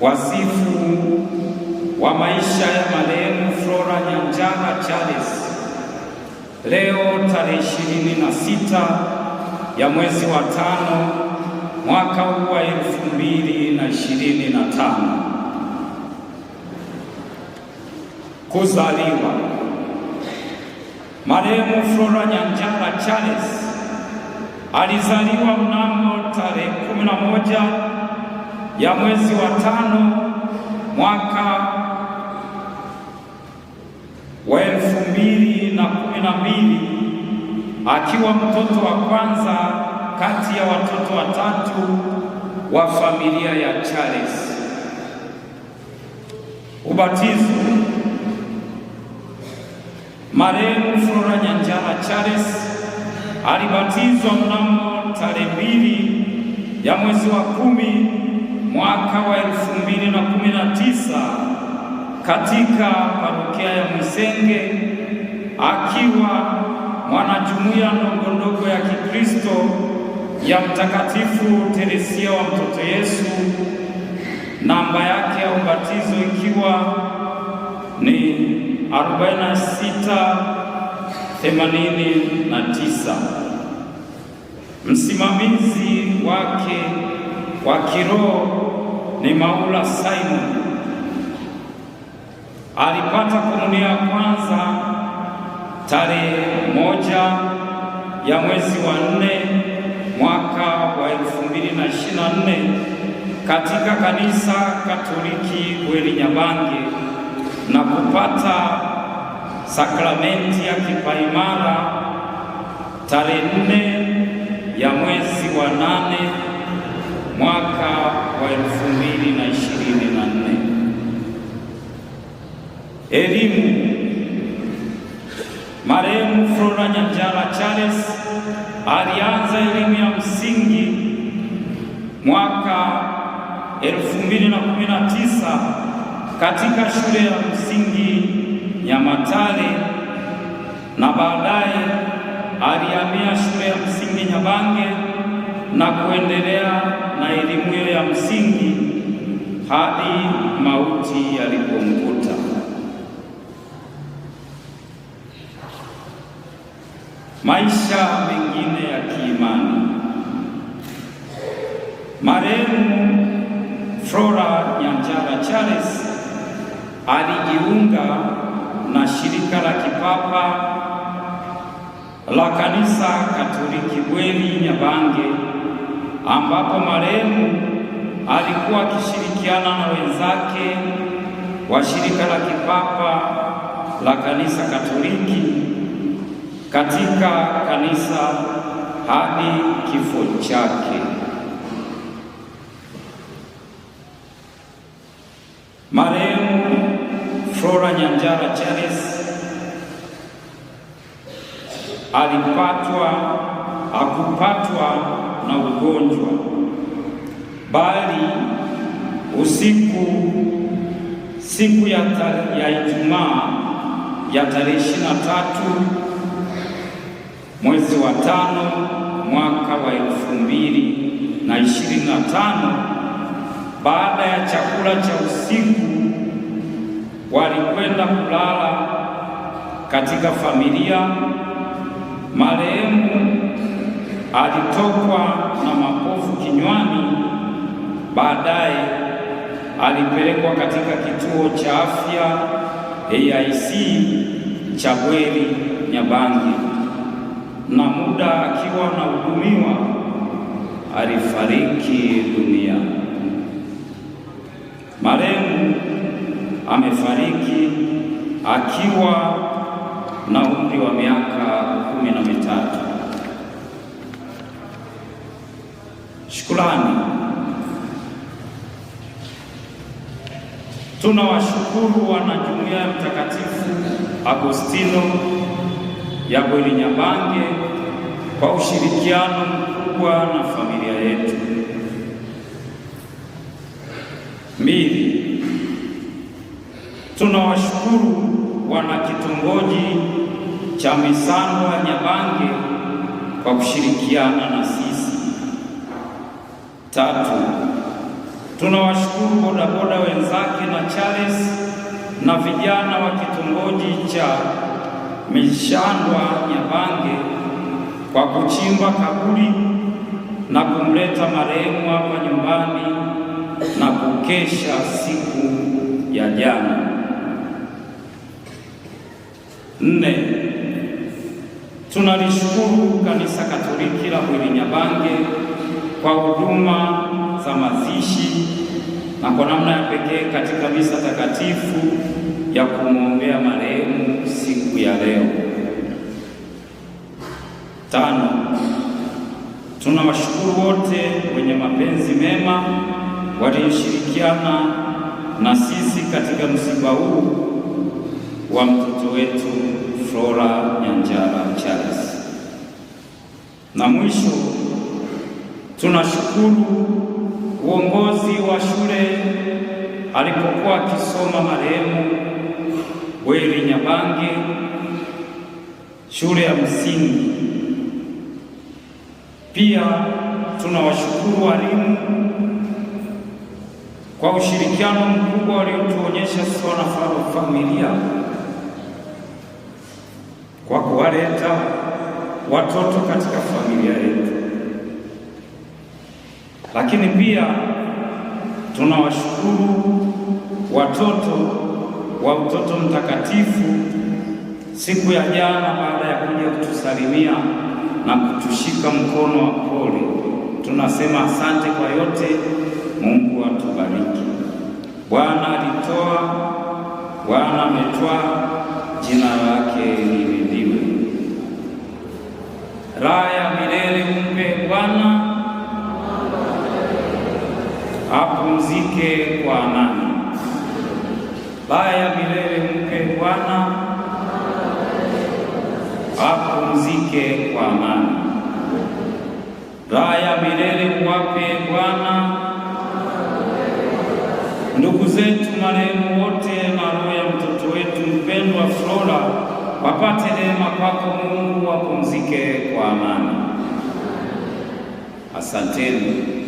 Wasifu wa maisha ya marehemu Flora Nyanjara Charles leo tarehe 26 ya mwezi wa tano mwaka huu wa 2025. Kuzaliwa marehemu Flora Nyanjara Charles alizaliwa mnamo tarehe 11 ya mwezi wa tano mwaka wa elfu mbili na kumi na mbili akiwa mtoto wa kwanza kati ya watoto watatu wa familia ya Charles. Ubatizo. Marehemu Flora nyanjara Charles alibatizwa mnamo tarehe mbili ya mwezi wa kumi mwaka wa 2019 katika parokia ya Mwisenge akiwa mwanajumuiya ndogo ndogo ya Kikristo ya Mtakatifu Teresia wa Mtoto Yesu, namba yake ya ubatizo ikiwa ni 4689. Msimamizi wake wa kiroho ni Maula Simon. Alipata komunio ya kwanza tarehe moja ya mwezi wa nne mwaka wa elfu mbili na ishirini na nne katika kanisa Katoliki Bweri Nyabange na kupata sakramenti ya kipaimara tarehe nne ya mwezi wa nane mwaka Elimu. Marehemu Flora Nyanjala Charles alianza elimu ya msingi mwaka 2019 katika shule ya msingi Matale na baadaye alihamia shule ya msingi Nyabange na kuendelea na elimu hiyo ya msingi hadi mauti yalipomkuta. Maisha mengine ya kiimani. Marehemu Flora Nyanjara Charles alijiunga na shirika la kipapa la kanisa Katoliki bweli Nyabange, ambapo marehemu alikuwa akishirikiana na wenzake wa shirika la kipapa la kanisa Katoliki katika kanisa hadi kifo chake. Marehemu Flora Nyanjara Charles alipatwa akupatwa na ugonjwa, bali usiku siku ya Ijumaa ya tarehe mwezi wa tano mwaka wa elfu mbili na ishirini na tano. Baada ya chakula cha usiku, walikwenda kulala katika familia. Marehemu alitokwa na mapovu kinywani, baadaye alipelekwa katika kituo cha afya AIC cha Bweri Nyabangi na muda akiwa anahudumiwa alifariki dunia. Marehemu amefariki akiwa na umri wa miaka kumi na mitatu. Shukrani. Tunawashukuru wanajumuiya ya Mtakatifu Agostino ya Bweni Nyabange kwa ushirikiano mkubwa na familia yetu. Mbili, tunawashukuru wana kitongoji cha Misandwa Nyabange kwa kushirikiana na sisi. Tatu, tunawashukuru bodaboda wenzake na Charles na vijana wa kitongoji cha Mishandwa Nyabange kwa kuchimba kaburi na kumleta marehemu hapa nyumbani na kukesha siku ya jana. Nne, tunalishukuru Kanisa Katoliki la mwili Nyabange kwa huduma za mazishi na kwa namna ya pekee katika misa takatifu ya kumwombea marehemu siku ya leo. Tano, tunawashukuru wote wenye mapenzi mema walioshirikiana na sisi katika msiba huu wa mtoto wetu Flora Nyanjara Charles. Na mwisho tunashukuru uongozi wa shule alipokuwa akisoma marehemu Weli Nyabange shule ya msingi. Pia tunawashukuru walimu kwa ushirikiano mkubwa waliotuonyesha sana familia kwa kuwaleta watoto katika familia yetu. Lakini pia tunawashukuru watoto wa Utoto Mtakatifu siku ya jana, baada ya kuja kutusalimia na kutushika mkono wa pole, tunasema asante kwa yote. Mungu atubariki. Bwana alitoa, Bwana ametwaa, jina lake lihimidiwe. Raha ya milele umpe Bwana apumzike kwa amani. Baya milele mke Bwana, apumzike kwa amani. Raya milele muwape Bwana. Ndugu zetu marehemu wote na roho ya mtoto wetu mpendwa Flora wapate neema kwako Mungu, wapumzike kwa amani. Asanteni.